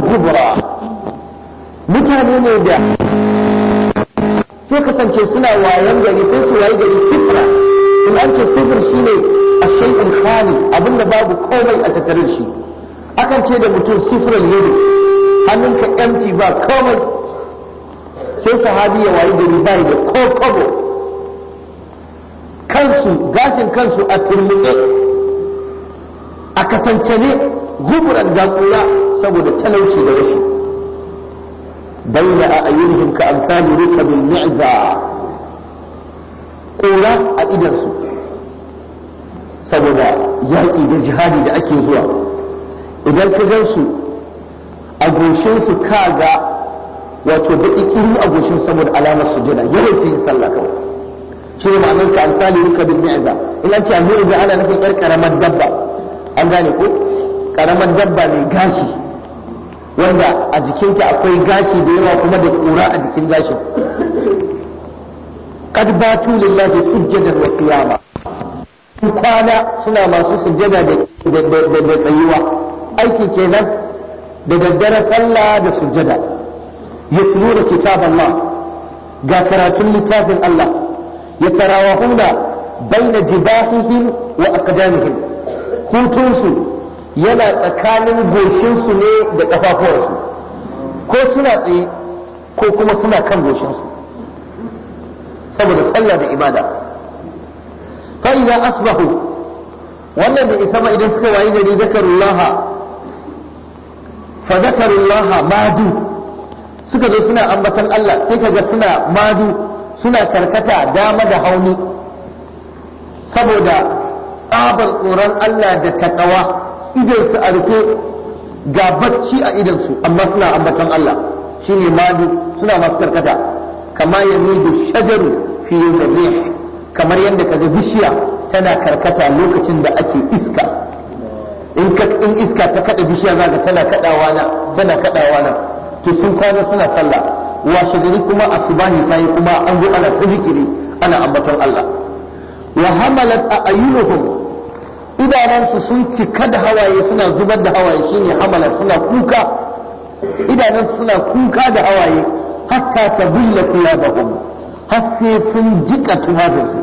gubra mutane ne da sai kasance suna wayan gari sai su wayi gari sifra in an ce sifir shine a shaikun khali abinda babu komai a tattarin shi akan ce da mutum sifirin hannun hannunka empty ba komai sai sahabi ya wayi gari bai da ko kobo kansu gashin kansu a turmutse a kacancane guburan ga kura saboda talauci da rashi bayna a ayyunihim ka amsali bil mi'za kora a idansu saboda yaƙi da jihadi da ake zuwa idan ka gan su a su ka ga wato da kiri a goshin saboda alamar sujada yawan fi sallah kawai shi ne ma'anar ka misali ruka bil mi'za in ce a mi'za ana nufin yar karamar dabba an gane ko karamar dabba mai gashi wanda a jikinta akwai gashi da yawa kuma da kura a jikin gashin ba tu lillahi sujjadan wa qiyama sun kwana suna masu sujjada da tsayuwa aiki kenan da daddare sallah da sujjada yatluna kitaballah ga karatun littafin Allah Ya yatarawahuna baina jibahihim wa aqdamihim hutunsu yana tsakanin goshinsu ne da ƙafafuwarsu ko suna tsaye ko kuma suna kan goshinsu saboda sallah da ibada fa'iza asbahu wannan da isa idan suka wayi gari zakarullaha fa zakarullaha madu suka zo suna ambatan Allah sai kaga suna madu suna karkata dama da hauni saboda tsabar tsoron Allah da takawa idansu a rufe ga bacci a idansu amma suna ambatan Allah shi ne madu suna masu karkata kama yamidu shajaru fi yawmin kamar yadda ga bishiya tana karkata lokacin da ake iska in ka iska ta kada bishiya zaka tana kadawa na tana kadawa na to sun kwana suna sallah washe gari kuma asubahi tayi kuma an zo ana ta zikiri ana ambaton Allah wa hamalat a ayyunuhum idanansu sun cika da hawaye suna zubar da hawaye shine hamala suna kuka idanansu suna kuka da hawaye hatta ta bulla siyabahum har sai sun jika tumatinsu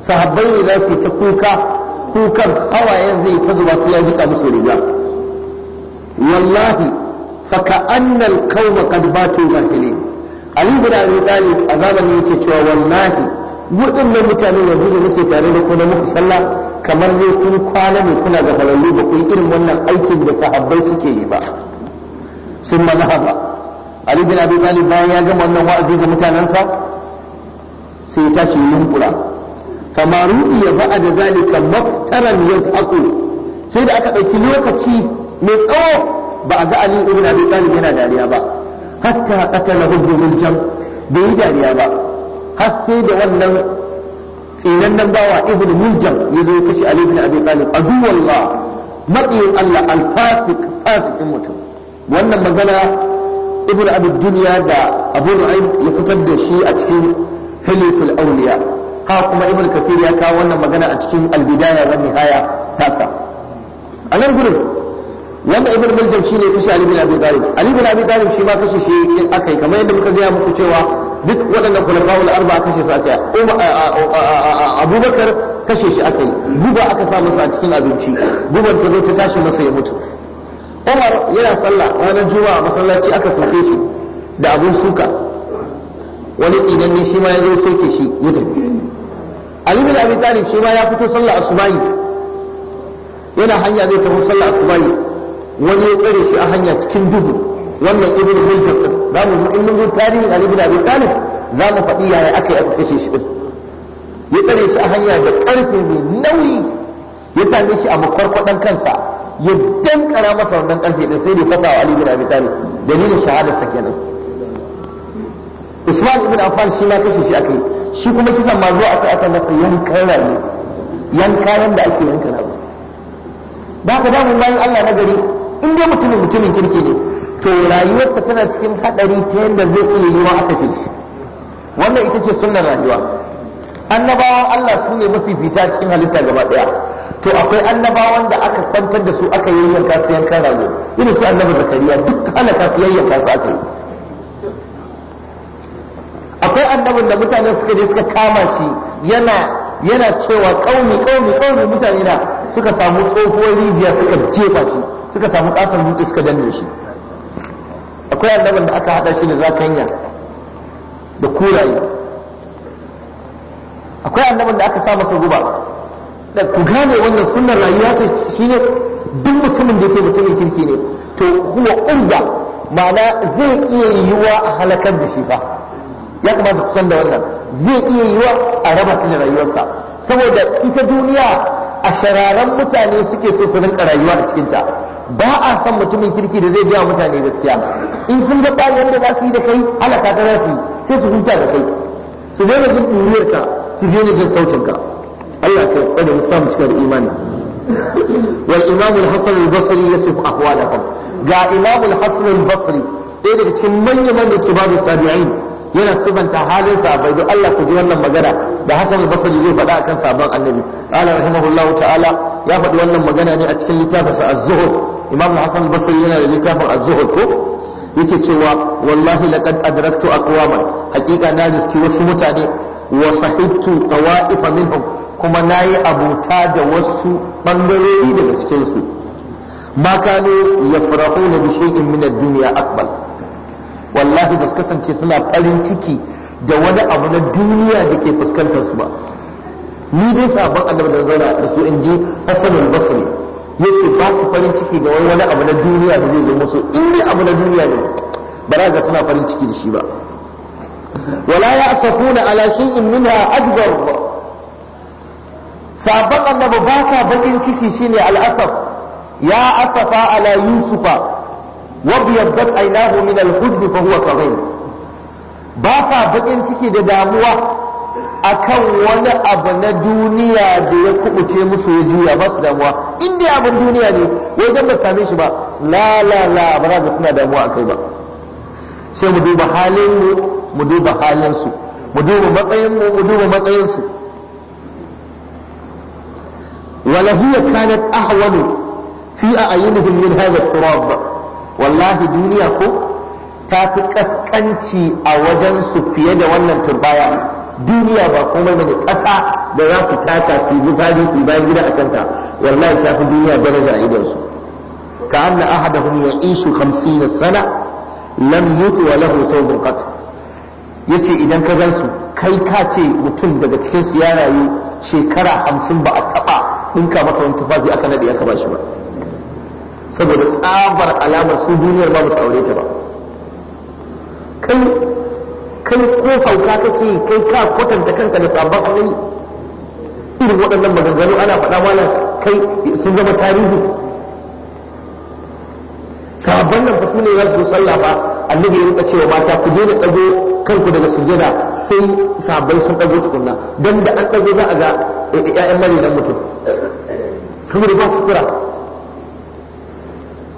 sahabbai ne za su ta kuka kukan hawayen zai ta zuba su ya jika musu riga wallahi fa ka al-qawma qad batu ghafilin ali ibn abi talib azaban yake cewa wallahi waɗannan mutane ya da nake tare da kuna na muku sallah kamar ne kun kwana ne kuna da halallu ba ku irin wannan aikin da sahabbai suke yi ba sun mazhaba Ali bin Abi Talib bayan ya gama wannan wa'azi ga mutanensa sai ya tashi yunkura fama ru'iya da zalika maftaran yaz'aqu sai da aka ɗauki lokaci mai tsawo ba a ga Ali bin Abi Talib yana dariya ba hatta qatalahu bil jam bai yi dariya ba har sai da wannan tsinannen bawa ibn muljam ya zo kashi ali ibn abi talib aduwallah maƙiyin Allah alfasik fasikin mutum wannan magana ibn abi duniya da abu nu'aym ya fitar da shi a cikin hilatul awliya ha kuma ibn kafir ya kawo wannan magana a cikin albidaya wa nihaya tasa a nan gurin wanda ibn muljam shine kashe ali ibn abi talib ali ibn abi talib shi ma kashe shi akai kamar yadda muka gaya muku cewa duk waɗannan kulafa'ul arba kashe su aka abubakar kashe shi aka yi guba aka sa masa a cikin abinci guban ta zo ta tashi masa ya mutu umar yana sallah ranar juma'a masallaci aka soke shi da abun suka wani ne shi ma ya zo soke shi ya tafi ali bin abi talib shi ma ya fito sallah asubahi yana hanya zai tafi sallah asubahi wani ya tsare shi a hanya cikin dubu wannan ibn hujjar za mu zo in mun zo tarihin Ali bin Abi Talib za mu faɗi yaya aka yi aka kashe shi din ya tsare shi a hanya da ƙarfe mai nauyi ya same shi a makwarkwadan kansa ya dankara masa wannan ƙarfe din sai da fasa wa Ali bin Abi Talib dalilin sa kenan Usman ibn Affan shi ma kashe shi aka yi shi kuma kisan ma zo aka aka masa yankan rayu yankan da ake yanka rayu ba ka damu bayan Allah na gari in dai mutumin mutumin kirki ne to rayuwarsa tana cikin hadari ta yadda zai iya yiwa a ce shi wannan ita ce sunnar rayuwa annabawan Allah su ne mafifita cikin halitta gaba daya to akwai annabawan da aka kwantar da su aka yayyanka su yanka rayuwa ina su annabi zakariya duk halaka su yayyanka su aka yi akwai annabin da mutane suka je suka kama shi yana yana cewa kauni kauni kauni mutane na suka samu tsohuwar rijiya suka jefa shi suka samu katon dutse suka danne shi akwai annabin da aka hada shi da zakanya da kuraye akwai annabin da aka sa masa guba da ku gane wannan sunnar rayuwa ta shine duk mutumin da yake mutumin kirki ne to huwa urda ma'ana zai iya yiwuwa a halakar da shi fa ya kamata ku san da wannan zai iya yiwa a raba shi da rayuwarsa saboda ita duniya a shararan mutane suke so su rinka rayuwa a cikinta ba a san mutumin kirki da zai gaya mutane gaskiya in sun ga bayan da za su yi da kai halaka ta za su yi sai su huta da kai su daina jin ɗuriyarka su daina jin sautinka Allah ka tsare mu samu cikar imani wal imam al-hasan al-basri yasif ahwalakum ga imam al-hasan al-basri ɗaya daga cikin manyan manyan kibarun tabi'in yana subanta halin sahabbai don Allah ku ji wannan magana da Hassan al-Basri zai faɗa akan sabon Annabi qala rahimahullahu ta'ala ya faɗi wannan magana ne a cikin littafinsa az-Zuhd Imam Hassan al-Basri yana da littafin az-Zuhd ko yake cewa wallahi laqad adraktu aqwaman hakika na riski wasu mutane wa sahibtu tawa'ifa minhum kuma nayi abuta da wasu bangarori daga cikin su ma kanu yafrahuna bi shay'in min ad-dunya akbar wallahi ba su kasance suna farin ciki da wani abu na duniya da ke fuskantar su ba ni dai sabon annabi da zauna da su in ji al basri yace ba su farin ciki da wani abu na duniya da zai zo musu in dai abu na duniya ne ba za ga suna farin ciki da shi ba wala ya'safuna ala shay'in minha akbar sabon annabi ba sa bakin ciki shine al'asaf ya asafa ala yusufa وابيضت عيناه من الحزن فهو كظيم باسا بكين ciki da damuwa akan wani abu na duniya da ya kubuce musu ya juya ba su damuwa inda abin duniya ne wai dan ba same shi ba la la la ba za suna damuwa akai ba sai mu duba halin mu mu duba halin su mu duba matsayin mu mu duba matsayin su wala hiya kanat ahwanu fi a'yunihim min hadha turab wallahi duniya ko ta fi kaskanci a wajen su fiye da wannan turbaya duniya ba komai bane ƙasa da za su taka su misali su bayan gida a kanta wallahi ta fi duniya daraja a idan su ka anna ahadahum hamsi na sana lam yut wa lahu thawbun qat yace idan ka gan su kai ka ce mutum daga cikin su ya rayu shekara hamsin ba a taba dinka masa wani tufafi aka nade aka shi ba saboda tsabar alamar su duniyar ba su aure ta ba kai kai ko hauka kake kai ka kwatanta kanka da sabon annabi irin waɗannan maganganu ana faɗa mana kai sun zama tarihi sabon nan fa ne za su sallah ba annabi ya rika cewa mata ku daina ɗago kanku daga sujjada sai sabai sun ɗago tukunna dan da an ɗago za a ga eh, ƴaƴan marinan mutum saboda ba su kira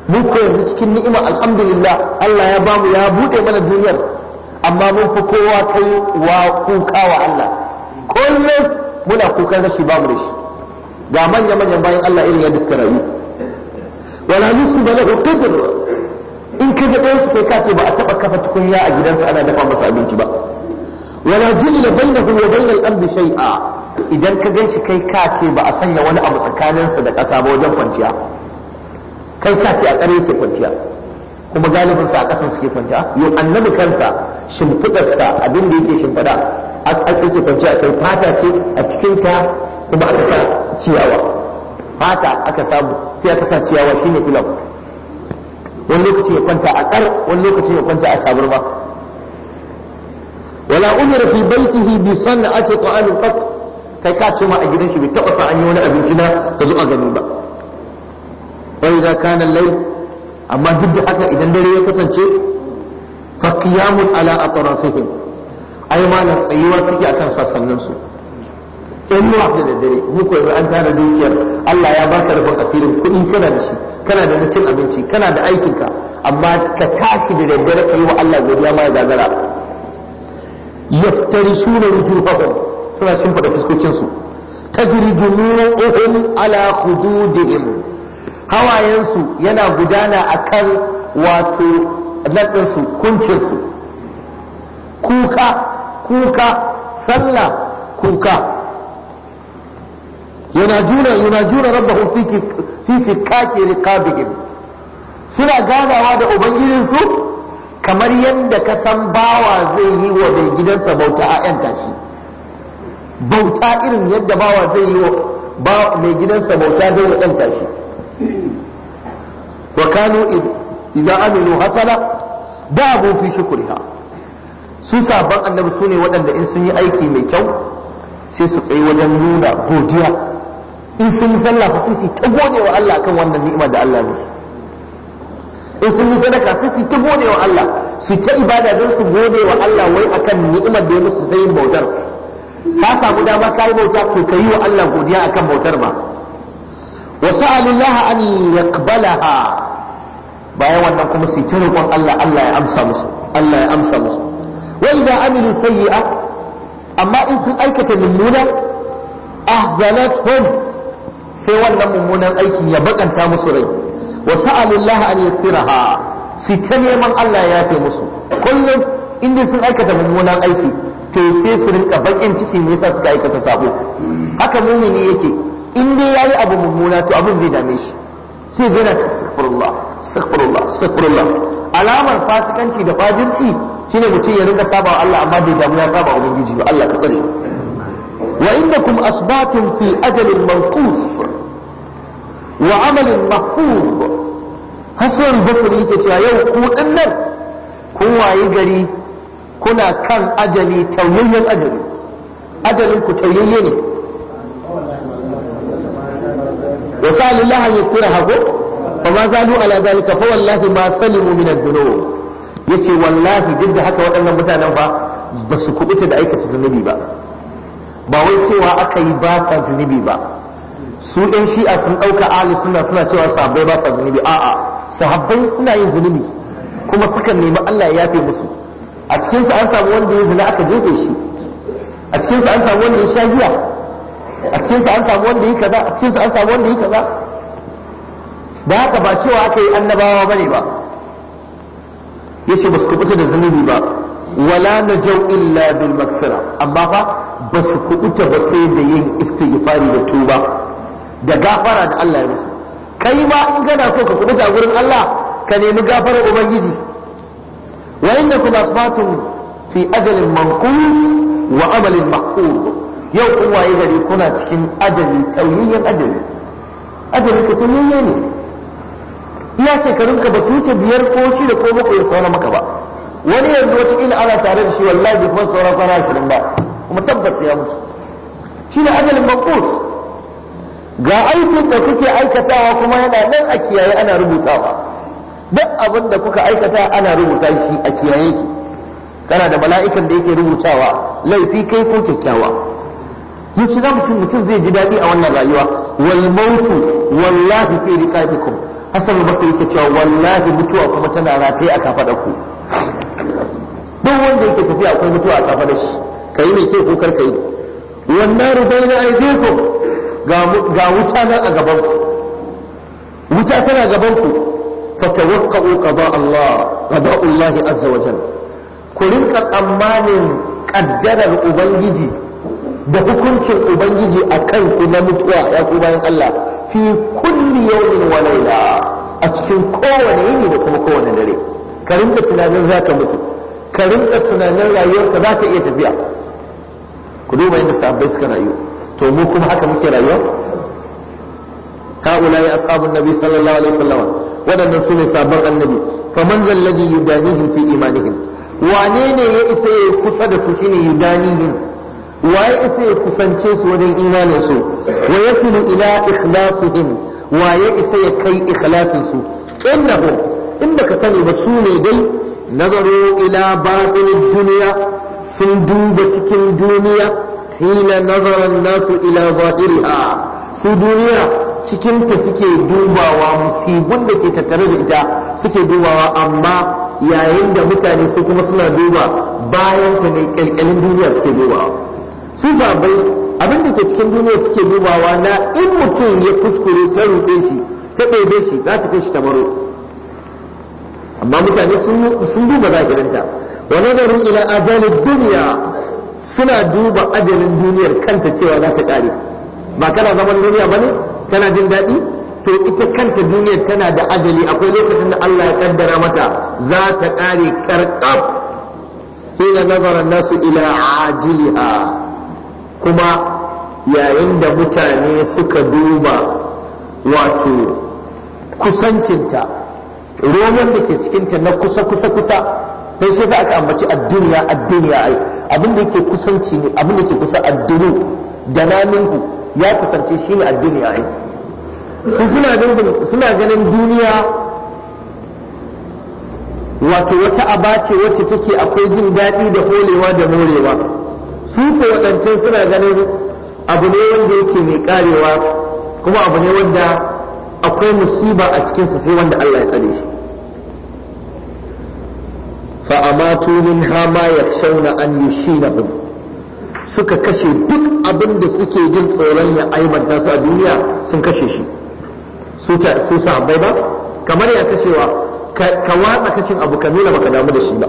Mun koyar da cikin ni'ima alhamdulillah Allah ya bamu ya bude mana duniyar amma mun fi kowa kai wa kuka wa Allah kullum muna kukan rashi bamu da shi ga manya manyan bayan Allah irin yadda suka rayu wala nusu lahu qadr in ka ga ɗayan su kai kace ba a taba kafa tukunya a gidansa ana dafa masa abinci ba wala julila bainahu wa al-ard shay'a idan ka gan shi kai kace ba a sanya wani abu tsakaninsa da ƙasa ba wajen kwanciya kai ka ce a ƙarya yake kwanciya kuma galibin sa a ƙasan suke kwanciya yau annabi kansa shimfiɗarsa abin da yake shimfiɗa ake kwanciya kai fata ce a cikin ta kuma aka sa ciyawa fata aka samu sai aka sa ciyawa shine filan wani lokaci ya kwanta a ƙar wani lokaci ya kwanta a taburma wala umira fi baitihi bi sana'ati ta'amin qat kai ka ce ma a gidan shi bai taɓa sa an yi wani abinci na ka zo a gani ba wa idza kana amma duk da haka idan dare ya kasance fa qiyamun ala atrafihim ai malan tsayuwa suke akan sassanin su tsayuwa da daddare mu koyi an tara dukiyar Allah ya baka rufin asirin kuɗi kana da shi kana da mutum cin abinci kana da aikinka amma ka tashi da daddare ka yi wa Allah godiya ma ya gagara yaftari shuna wujuhahum suna shimfida fuskokinsu tajri jumu'uhum ala hududihim hawayensu yana gudana a kan wato laɗinsu kuncinsu kuka kuka sallah kuka yana juna yana juna rabbahum fi fi fikaki suna ganawa da ubangijinsu kamar yadda ka san bawa zai yi wa mai gidansa bauta a 'yan tashi bauta irin yadda bawa zai yi wa mai gidansa bauta zai 'yan tashi wa kanu idza aminu hasala da'u fi shukriha su sabon annabi su ne waɗanda in sun yi aiki mai kyau sai su tsaye wajen nuna godiya in sun yi sallah fa sai ta gode wa Allah kan wannan ni'ima da Allah ya musu in sun yi sadaka sai su ta gode wa Allah su ta ibada don su gode wa Allah wai akan ni'imar da ya musu sai bautar ka samu dama kai bauta to kai wa Allah godiya akan bautar ba wa sa'alullaha an yaqbalaha bayan wannan kuma su ta roƙon Allah Allah ya amsa musu Allah ya amsa musu wa idza amma in sun aikata mummuna ahzalathum sai wannan mummunan aikin ya bakanta musu rai wa sa'alullaha an yaghfiraha su ta neman Allah ya yafe musu kullum inda sun aikata mummunan aiki to sai su rinka bakin ciki me yasa suka aikata sabo haka mumini yake in dai yi abu mummuna to abin zai dame shi sai gana ta astaghfirullah astaghfirullah astaghfirullah alamar fasikanci da fajirci shine mutum ya rinka saba wa Allah amma bai damu ya saba wa ubangiji ba Allah ka tsare wa indakum asbatun fi ajalin manqus wa amalin mahfuz hasan basri yake cewa yau ku nan, kun wayi gari kuna kan ajali tauyayyen ajali ajalin ku tauyayye ne Wasu الله Allah an yakraha ko fa ma zalu ala zalika fa wallahi ma salimu min adh-dhunub yace wallahi duk da haka waɗannan mutanen ba ba su kubuta da aikata zunubi ba ba cewa aka yi ba sa zunubi ba su ɗan shi'a sun ɗauka ahli suna suna cewa sahabbai ba sa zunubi a'a sahabbai suna yin zunubi kuma suka nemi Allah ya yafe musu a cikinsu an samu wanda ya zina aka jefe shi a cikinsu an samu wanda ya sha giya a cikin sa an samu wanda yi kaza a cikin sa an samu wanda yi kaza da haka ba cewa aka yi annabawa bane ba yace ba su kubuta da zunubi ba wala najau illa bil magfira amma fa ba su kubuta ba sai da yin istighfari da tuba da gafara da Allah ya musu kai ma in kana so ka kubuta gurin Allah ka nemi gafarar ubangiji wa innakum asbatun fi ajalin manqus wa amalin mahfuz yau kun waye gari kuna cikin ajali tauyayyen ajali ajali ka tauyayye ne iya shekarun ka ba su wuce biyar ko shi da ko bakwai saura maka ba wani yanzu wata ila ana tare da shi wallahi bai kuma sauran kwana ashirin ba kuma tabbas ya mutu shi ne ajalin bankus. ga aikin da kuke aikatawa kuma yana nan a kiyaye ana rubutawa duk abin da kuka aikata ana rubuta shi a kiyaye ki kana da mala'ikan da yake rubutawa laifi kai ko kyakkyawa zuciya mutum mutum zai ji daɗi a wannan rayuwa wal mautu wallahi fi riqabikum hasan basri yake cewa wallahi mutuwa kuma tana rataye a kafadar ku duk wanda yake tafiya akwai mutuwa a kafadar shi kai mai ke kokar kai wannan rubaina aidikum ga ga wuta nan a gaban ku wuta tana gaban ku fatawaqqa'u qada Allah qada Allah azza wajalla ku rinka tsammanin kaddarar ubangiji da hukuncin ubangiji a kan ku na mutuwa ya ku bayan Allah fi kulli yawmin wa layla a cikin kowane yini da kuma kowane dare ka rinka tunanin zaka mutu ka rinka tunanin rayuwarka za ta iya tafiya ku duba yadda sahabbai suka rayu to mu kuma haka muke rayuwa haula ya ashabun nabi sallallahu alaihi wasallam wadannan su ne sabon annabi faman zalladhi yudanihim fi imanihim wane ne ya isa ya kusa da su shine yudanihim waye isa ya kusance su wajen imanin su wa yasilu ila ikhlasihim waye isa ya kai ikhlasin su innahu in baka sani ba su ne dai nazaru ila batinid duniya sun duba cikin duniya hina nazaran nasu ila zahiriha su duniya cikin ta suke dubawa musibin da ke tattare da ita suke dubawa amma yayin da mutane su kuma suna duba bayan ta ne kyalkyalin duniya suke dubawa su zabai abin da ke cikin duniya suke dubawa na in mutum ya kuskure ta ruɗe shi ta ɗebe shi za ta kai shi baro amma mutane sun duba za gidanta. wa nazarin ila ajalin duniya suna duba ajalin duniyar kanta cewa za ta ƙare ba kana zaman duniya ba ne kana jin daɗi to ita kanta duniyar tana da ajali akwai lokacin da Allah ya kaddara mata za ta ƙare karkab hina nazarin nasu ila ajiliha kuma yayin da mutane suka duba wato kusancinta roman da ke cikinta na kusa kusa kusa don shi sa aka ambaci addiniya addiniya abin da yake kusanci ne abin da ke kusa addinu da naminku ya kusance shi ne addiniya ai su suna ganin duniya wato wata aba ce wacce take akwai jin daɗi da holewa da morewa su ko waɗancan suna ganin abu ne wanda yake mai karewa kuma abu ne wanda akwai musiba a cikinsa sai wanda Allah ya tsare shi fa'amatu min hama ya shauna an yushinahum suka kashe duk abin da suke jin tsoron ya aibanta su a duniya sun kashe shi su bai ba kamar ya kashewa ka watsa kashin abu ka nuna baka damu da shi ba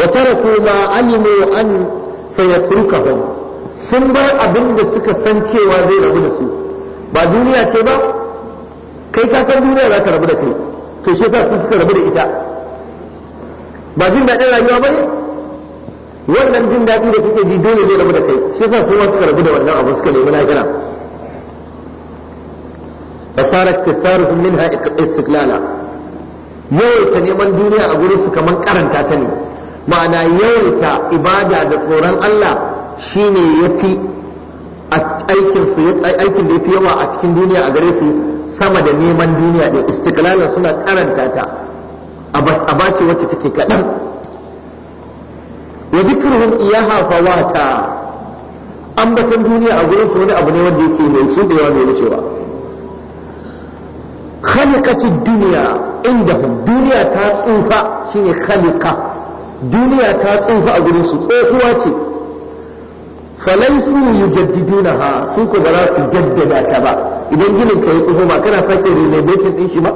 wa tara kuma alimu an sai ya turka sun bar abin da suka san cewa zai rabu da su ba duniya ce ba kai ka san duniya za ta rabu da kai to shi yasa su suka rabu da ita ba jin daɗin rayuwa ba ne wannan jin daɗi da kake ji dole zai rabu da kai shi yasa su ma suka rabu da wannan abu suka nemi lahira fasara tisaruhum minha istiqlala yawaita neman duniya a gurin su kaman karanta ta ne ma'ana yawaita ibada da tsoron Allah shi ne ya fi aikin da ya fi yawa a cikin duniya a gare su sama da neman duniya da suna karanta ta a bace wacce take kaɗan wa zikruhum iyaha fawata ambatan duniya a gurin su wani abu ne wanda yake mai da yawa mai wucewa khalikatid duniya inda duniya ta tsufa shine khalika duniya ta tsufa a gurin su tsohuwa ce falaisu yujaddiduna ha su ku da za su jaddada ta ba idan ginin ka yi tsufa ba kana sake renovating ɗin shi ba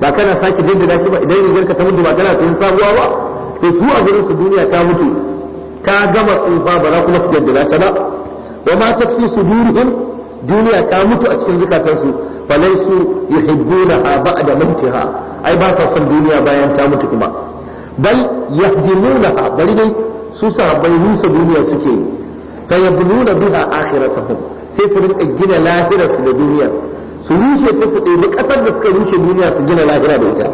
ba kana sake jaddada shi ba idan rigar ka ta mutu ba kana sayan sabuwa ba to su a gurin su duniya ta mutu ta gama tsufa ba za kuma su jaddada ta ba wa ma takfi sudurihim duniya ta mutu a cikin zukatansu falaisu yuhibbuna ha ba'da ha, ai ba sa son duniya bayan ta mutu kuma bal yahdimunaha bari dai su sahabbai rusa duniya suke yi fa yabnuna biha akhiratahum sai su rinka gina lahira su da duniya su rushe ta su ɗebi ƙasar da suka rushe duniya su gina lahira da ita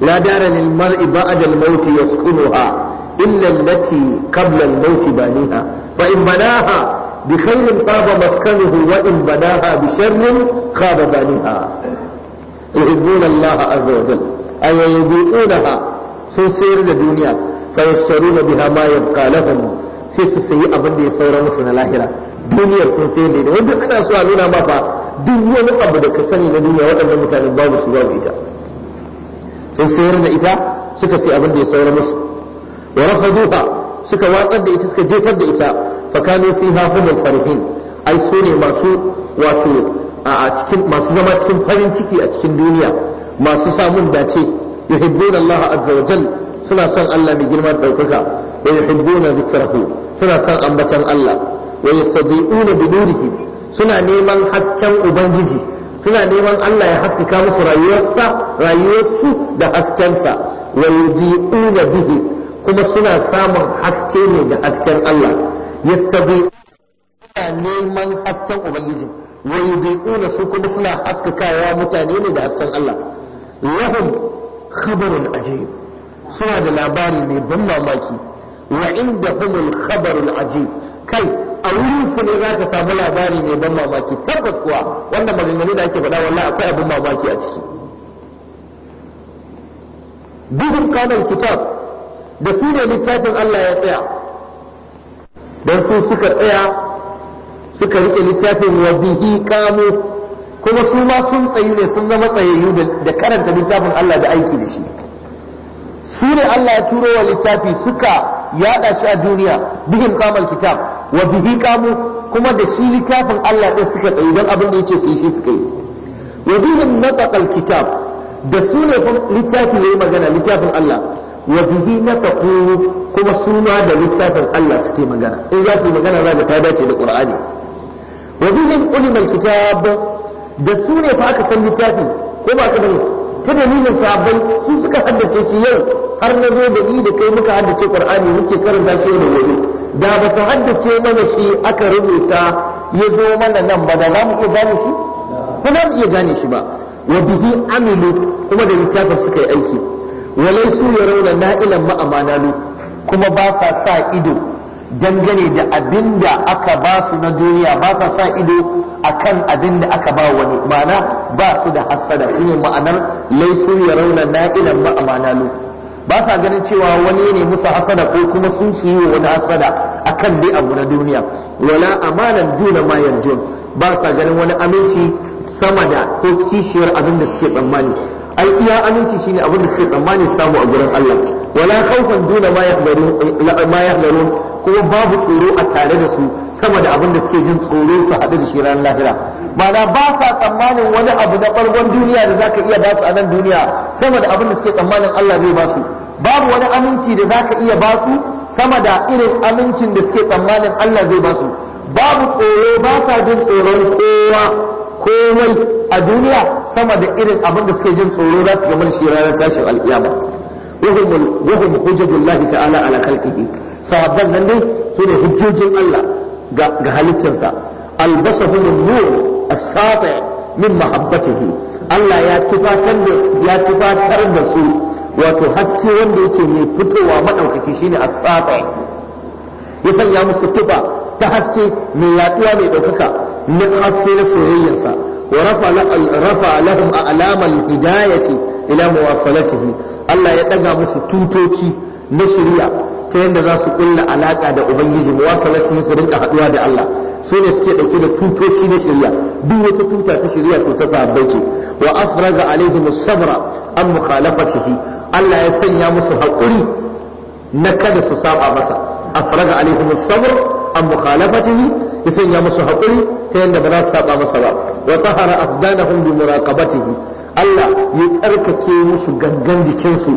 la dara lil mar'i ba'da al maut yaskunuha illa allati qabla al maut baniha fa in banaha bi khairin taba maskanuhu wa in banaha bi sharrin khaba baniha yuhibbuna Allah azza wa jalla ay yubidunaha sun sayar da duniya fa na biha ma yabqa lahum sai su sayi abin da ya saura musu na lahira duniyar sun sayar da ita wanda kana so a nuna ma fa duk wani abu da ka sani na duniya waɗannan mutane babu su babu ita sun sayar da ita suka sayi abin da ya saura musu wa rafaduha suka watsar da ita suka jefar da ita fa kanu fiha humul farihin ai su ne masu wato a cikin masu zama cikin farin ciki a cikin duniya masu samun dace yuhibbuna Allah azza wa jal suna son Allah mai girma daukaka wa yuhibbuna zikrahu suna son ambatan Allah wa yastadi'una bi nurihi suna neman hasken ubangiji suna neman Allah ya haskaka musu rayuwarsa rayuwarsu da haskensa wa una bihi kuma suna samun haske ne da hasken Allah yastabi'una neman hasken ubangiji wa yudi'una su kuma suna haskakawa mutane ne da hasken Allah lahum khabarun ajib suna da labari mai ban mamaki wa inda humul khabarul ajib kai a wurin su ne za ka samu labari mai ban mamaki tabbas kuwa wanda maganganu da ake faɗa wallahi akwai abin mamaki a ciki duhun kamar kitab da su ne littafin Allah ya tsaya dan su suka tsaya suka rike littafin wa bihi kamu kuma su ma sun tsayu ne sun zama tsayayyu da karanta littafin Allah da aiki da shi su ne Allah ya turo wa littafi suka yada shi a duniya bihim kamar kitab wa bihi kamu kuma da shi littafin Allah din suka tsayi don abin da ya ce su yi shi suka yi wa bihim nataqal kitab da su ne littafi yi magana littafin Allah wa bihi nataqu kuma su ma da littafin Allah suke magana in za su yi magana za ta dace da Qur'ani wa bihim ulimal kitab da su ne fa aka san littafi ko ba ka bane ta dalilin sahabbai su suka haddace shi yau har na zo da ni da kai muka haddace qur'ani muke karanta shi da gobe da ba su haddace mana shi aka rubuta ya zo mana nan ba da za mu iya gane shi ba za mu iya gane shi ba wa bihi amilu kuma da littafin suka yi aiki walai su ya rauna na'ilan ma'amanalu kuma ba sa sa ido dangane da abin da aka ba su na duniya ba sa sa ido a kan abin da aka ba wani ma'ana ba su da hassada ne ma'anar laisu ya rauna na ilan lu ba sa ganin cewa wani ne musu hassada ko kuma sun su yi wani hassada akan dai abu na duniya wala amanan duna ma yarjun ba sa ganin wani aminci sama da ko kishiyar abin da suke tsammani ai iya aminci shine abin da suke tsammani samu a gurin Allah wala khawfan duna ma yahzarun ma yahzarun ko babu tsoro a tare da su sama da abin da suke jin tsoron su haɗu da shi ranar lahira ma'ana ba sa tsammanin wani abu na ɓargon duniya da zaka iya ba su a nan duniya sama da abin da suke tsammanin Allah zai ba su babu wani aminci da zaka iya ba su sama da irin amincin da suke tsammanin Allah zai ba su babu tsoro ba sa jin tsoron kowa komai a duniya sama da irin abin da suke jin tsoro za su gamar shi ranar tashin alkiyama wahum hujjajullah ta'ala ala khalqihi sahabban nan dai su ne hujjojin Allah ga halittarsa min nur as-sati min mahabbatihi Allah ya tufatar da ya tufatar da su wato haske wanda yake mai fitowa madaukaki shine as-sati ya sanya musu tufa ta haske mai yaduwa mai daukaka na haske na soyayyarsa wa rafa lahum al hidayati ila muwasalatihi Allah ya daga musu tutoci na shari'a ta yadda za su kulla alaka da ubangiji muwasalacin su rinka haduwa da Allah su ne suke dauke da tutoci na shari'a duk wata tuta ta shari'a to ta sahabbai ce wa afraga alaihim sabra an mukhalafatihi Allah ya sanya musu hakuri na kada su saba masa afraga alaihim sabr an mukhalafatihi ya sanya musu hakuri ta yadda ba za su saba masa ba wa tahara afdanahum bi muraqabatihi Allah ya tsarkake musu gangan jikinsu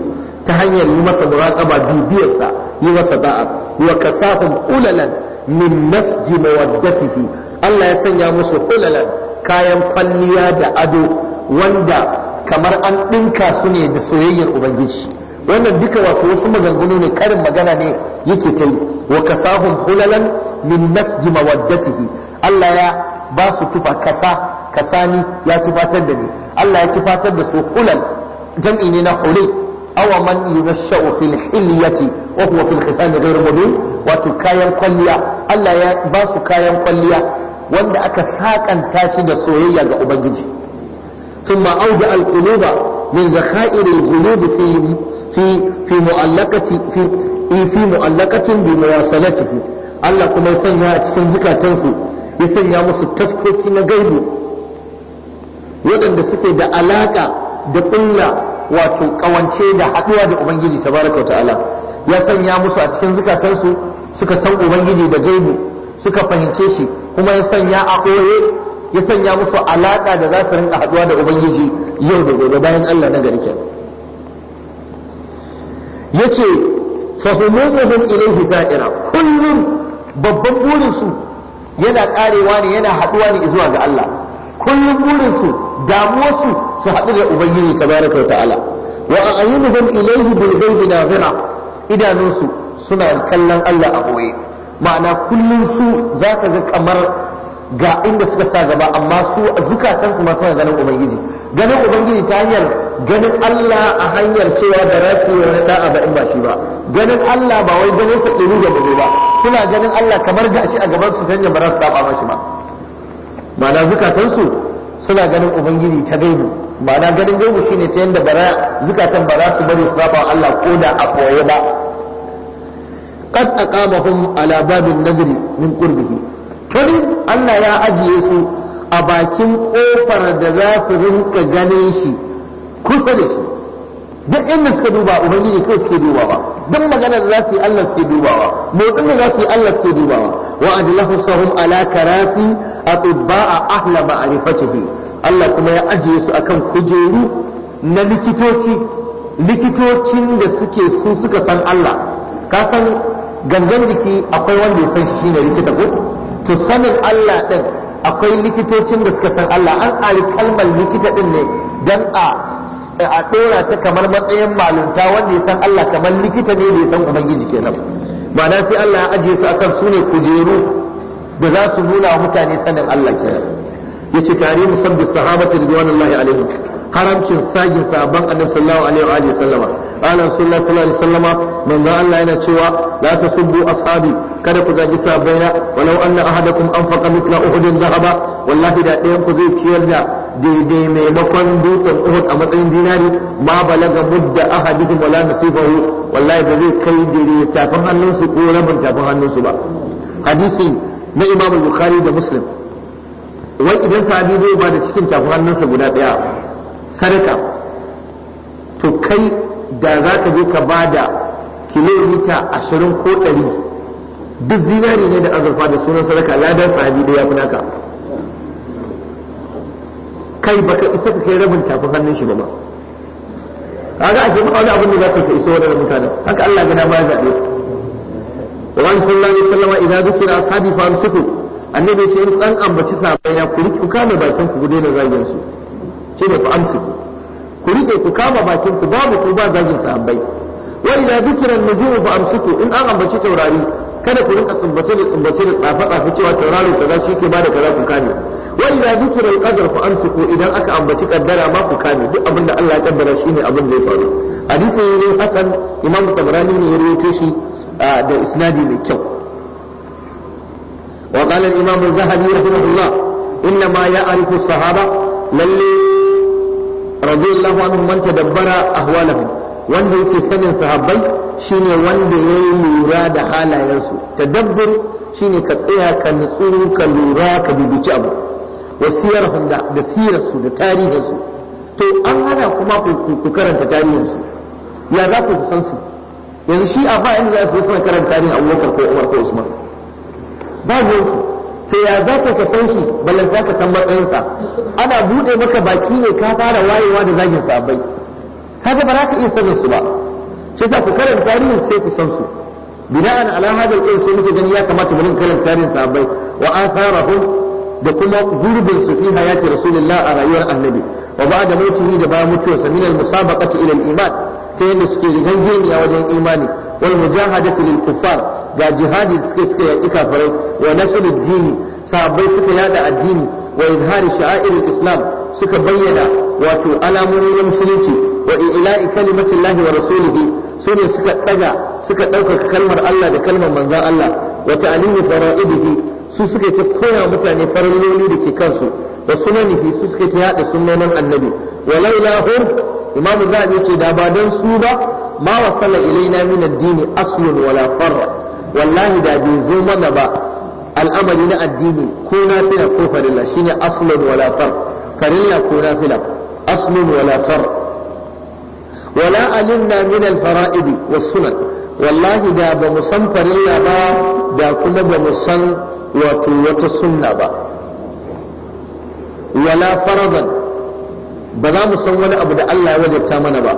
ta hanyar yi masa muraqaba bibiyarsa وسطاء وكساهم حللا من نسج Allah ya sanya musu hulalan kayan kwalliya da ado wanda kamar an ɗinka su ne da soyayyar ubangiji wannan duka wasu wasu maganganu ne karin magana ne yake ta yi wa kasahun hulalan min nasji mawaddatihi Allah ya ba su tufa kasa kasani ya tufatar da ni Allah ya tufatar da su hulal jam'i ne na hulai awa man yunashau fil hilyati wa huwa fil khisan ghayr mubin wato kayan kwalliya Allah ya basu kayan kwalliya wanda aka sakanta shi da soyayya ga ubangiji Suma Audu al quluba min zakhair al qulub fi fi fi mu'allaqati fi fi mu'allaqatin bi Allah kuma ya sanya a cikin zukatansu ya sanya musu taskoki na gaibu waɗanda suke da alaƙa da ƙulla wato kawance da haɗuwa da ubangiji tabaraka ta'ala ya sanya musu a cikin zukatansu suka san ubangiji da gaibu suka fahimce shi kuma ya sanya a koye ya sanya musu alaka da za su rinka haɗuwa da ubangiji yau da gobe bayan allah na gari kenan yace fahimumuhum ilayhi da'ira kullum babban burinsu yana karewa ne yana haɗuwa ne zuwa ga Allah kullum burinsu damuwarsu su haɗu da ubangiji tabaraka ta'ala wa a'yunuhum ilayhi bil ghaibi nazira idanunsu suna kallon Allah a boye ma'ana kullum su zaka ga kamar ga inda suka sa gaba amma su zukatansu ma suna ganin ubangiji ganin ubangiji ta hanyar ganin Allah a hanyar cewa da rasu wani a ba in ba shi ba ganin Allah ba wai ganin sa ɗiru da bugu ba suna ganin Allah kamar gashi a gaban su ta hanyar ba za su saba ba ma'ana zukatansu suna ganin ubangiji ta gaibu ma'ana ganin gaibu shine ta yadda bara zukatan ba za su bari su saba Allah ko da a koye ba qad aqamahum ala babin nazri min qurbihi tuni Allah ya ajiye su a bakin kofar da za su rinka ganin shi kusa da shi duk inda suka duba ubangiji kawai suke dubawa duk maganar da za su yi Allah suke dubawa motsin da za su yi Allah suke dubawa wa ajlahu sahum ala karasi atibaa ahla ma'rifatihi Allah kuma ya ajiye su akan kujeru na likitoci likitocin da suke su suka san Allah ka san gangan jiki akwai wanda ya san shi shine likita ko to sanin Allah din akwai likitocin da suka san Allah an ari kalmar likita din ne dan a a ɗora ta kamar matsayin malunta wanda ya san Allah kamar likita ne da ya san ubangiji kenan ma'ana sai Allah ya ajiye su akan su ne kujeru da za su nuna wa mutane sanin Allah kenan yace tare musabbi sahabatu ridwanullahi alaihim haramcin sagin sabon annabi sallallahu alaihi wa alihi sallama qala sunna sallallahu alaihi sallama manzo Allah yana cewa la tasubbu ashabi kada ku zagi sabaina walau anna ahadakum anfaqa mithla uhudin dhahaba wallahi da ɗayan ku zai ciyar da daidai maimakon dutsen uhud a matsayin dinari ma balaga mudda ahadikum wala nasifahu wallahi ba zai kai dire tafin hannunsu ko rabin tafin hannunsu ba hadisi na imam bukhari da muslim wai idan sahabi zai ba da cikin tafin hannunsa guda ɗaya sadaka to kai da za ka je ka ba da kilomita ashirin ko ɗari duk zinari ne da azurfa da sunan sadaka ladan sahabi da ya fi naka kai baka isa ka kai rabin tafi hannun shi ba ba kaga ashe ba wani abin da za ka isa wadannan mutanen haka Allah ga ba ya zaɓe su wani sallallahu alaihi sallama idan zikira ashabi faru suku annabi ya ce in an ambaci sahabbai na ku rike ku kame bakin ku daina zagin su shine ku amsiku ku rike ku kama bakin ku babu ku ba zagin sahabbai wa idza dhukira an ku fa amsiku in an ambaci taurari kada ku rinka tsumbace da tsumbace da tsafa tsafa cewa tauraro kaza shi ke bada kaza ku kame wa idza dhukira al-qadar fa amsiku idan aka ambaci kaddara ma ku kame duk abin da Allah ya kaddara shine abin da ya faru hadisi ne hasan imam tabrani ne ya rawaito shi da isnadi mai kyau وقال الإمام الذهبي رحمه الله إنما يعرف الصحابة للي radiyallahu anhu man tadabbara ahwalahum wanda yake sanin sahabbai shine wanda ya yi lura da halayensu tadabbur shine ka tsaya ka nutsu ka lura ka bibici abu da da su da tarihinsu to an hana kuma ku karanta tarihinsu ya za ku san su yanzu shi a ba inda za su suna karanta tarihin abubakar ko umar ko usman ba su to ya za ka san shi ballan za ka san matsayinsa ana buɗe maka baki ne ka fara wayewa da zagin sabai kaga ba za ka iya sanin su ba shi yasa ku karanta tarihin sai ku san su bina'an ala hadal qul sai muke gani ya kamata mu rinka karanta tarihin sabai wa atharahum da kuma gurbin su fi hayati rasulullah a rayuwar annabi wa ba'da mautihi da bayan mutuwa, min al-musabaqati ila al-iman ta yadda suke rigangeniya wajen imani wal mujahadati lil kuffar ga jihadi suka suka yaki kafirai wa nasrul dini sahabbai suka yada addini wa izhari sha'airul islam suka bayyana wato alamomi na musulunci wa ila'i kalimatillahi wa rasulihi sune suka daga suka ɗaukaka kalmar Allah da kalmar manzon Allah wata ta'limi fara'idihi su suka ta koya mutane faralloli da ke kansu wa sunanihi su suka ta yada sunnonin annabi wa lailahum imamu a yace da ba dan su ba ma wasala ilaina min ad-dini aslun wala farra wallahi da bai zo mana ba al'amari na addini ko fila ko farilla shine aslun wala far farilla ko fila aslun wala far wala alimna min al was-sunan wallahi da ba mu san farilla ba da kuma ba mu san wato wata sunna ba wala faradan ba za mu san wani abu da Allah ya wajabta mana ba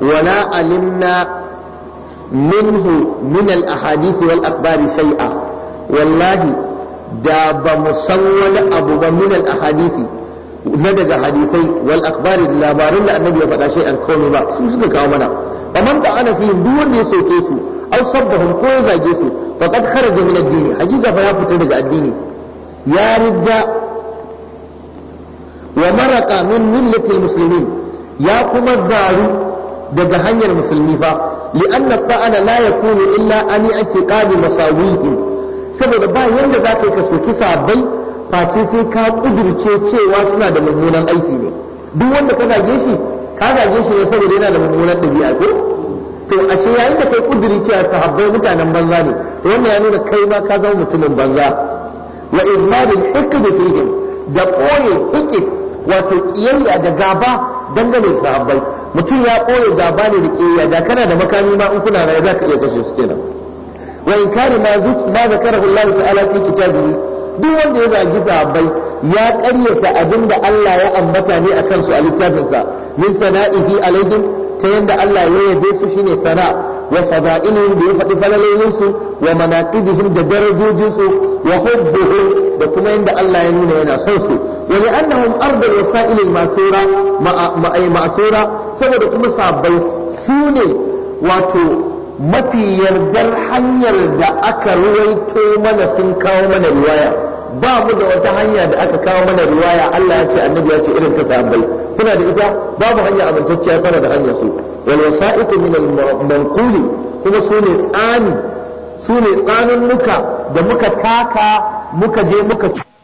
wala alimna minhu min al ahadith wal akhbari shay'a wallahi da ba mu san wani abu ba min al ahadith na daga hadisai wal akhbari da annabi ya faɗa shay'an komai ba su suka kawo mana faman da ana fi duk wanda ya soke su aw sabbahum ko ya zage su faqad kharaja min ad-din hakika fa ya fita daga addini ya ridda wa maraka min millatil muslimin ya kuma zaru daga hanyar musulmi fa li'anna fa'ala la yakunu illa an i'tiqadu masawihim saboda ba yanda za ka soki sabai face sai ka kudirce cewa suna da mummunan aiki ne duk wanda ka zage shi ka zage shi saboda yana da mummunan ɗabi'a ko to ashe yayin da kai kudiri a sahabbai mutanen banza ne to wannan ya nuna kai ma ka zama mutumin banza wa izmaril hikd fihim da qawli hikid wato kiyayya da gaba dangane da sahabbai mutum ya ɓoye gaba ne da kiyayya da kana da makami ma in kuna da za ka iya kashe su kenan wa in kare ma zakarahu Allah ta'ala fi kitabihi duk wanda ya zagi sahabbai ya ƙaryata abin da Allah ya ambata ne a kansu a littafinsa min sana'ihi alaihim ta yanda Allah ya yabe su shine sana'a, wa fada'ilihim da ya faɗi falalolinsu wa manaqibihim da darajojinsu wa hubbuhum da kuma yanda Allah ya nuna yana son su wa li'annahum ardal wasa'il al-masura ma'asura saboda kuma sahabbai su ne wato mafi yardar hanyar da aka ruwaito mana sun kawo mana riwaya ba mu da wata hanya da aka kawo mana riwaya Allah ya ce annabi ya ce irin ta sahabbai kuna da ita babu hanya amintacciya sama da hanyar su wal wasa'iqu min al kuma su ne tsani su ne tsanin muka da muka taka muka je muka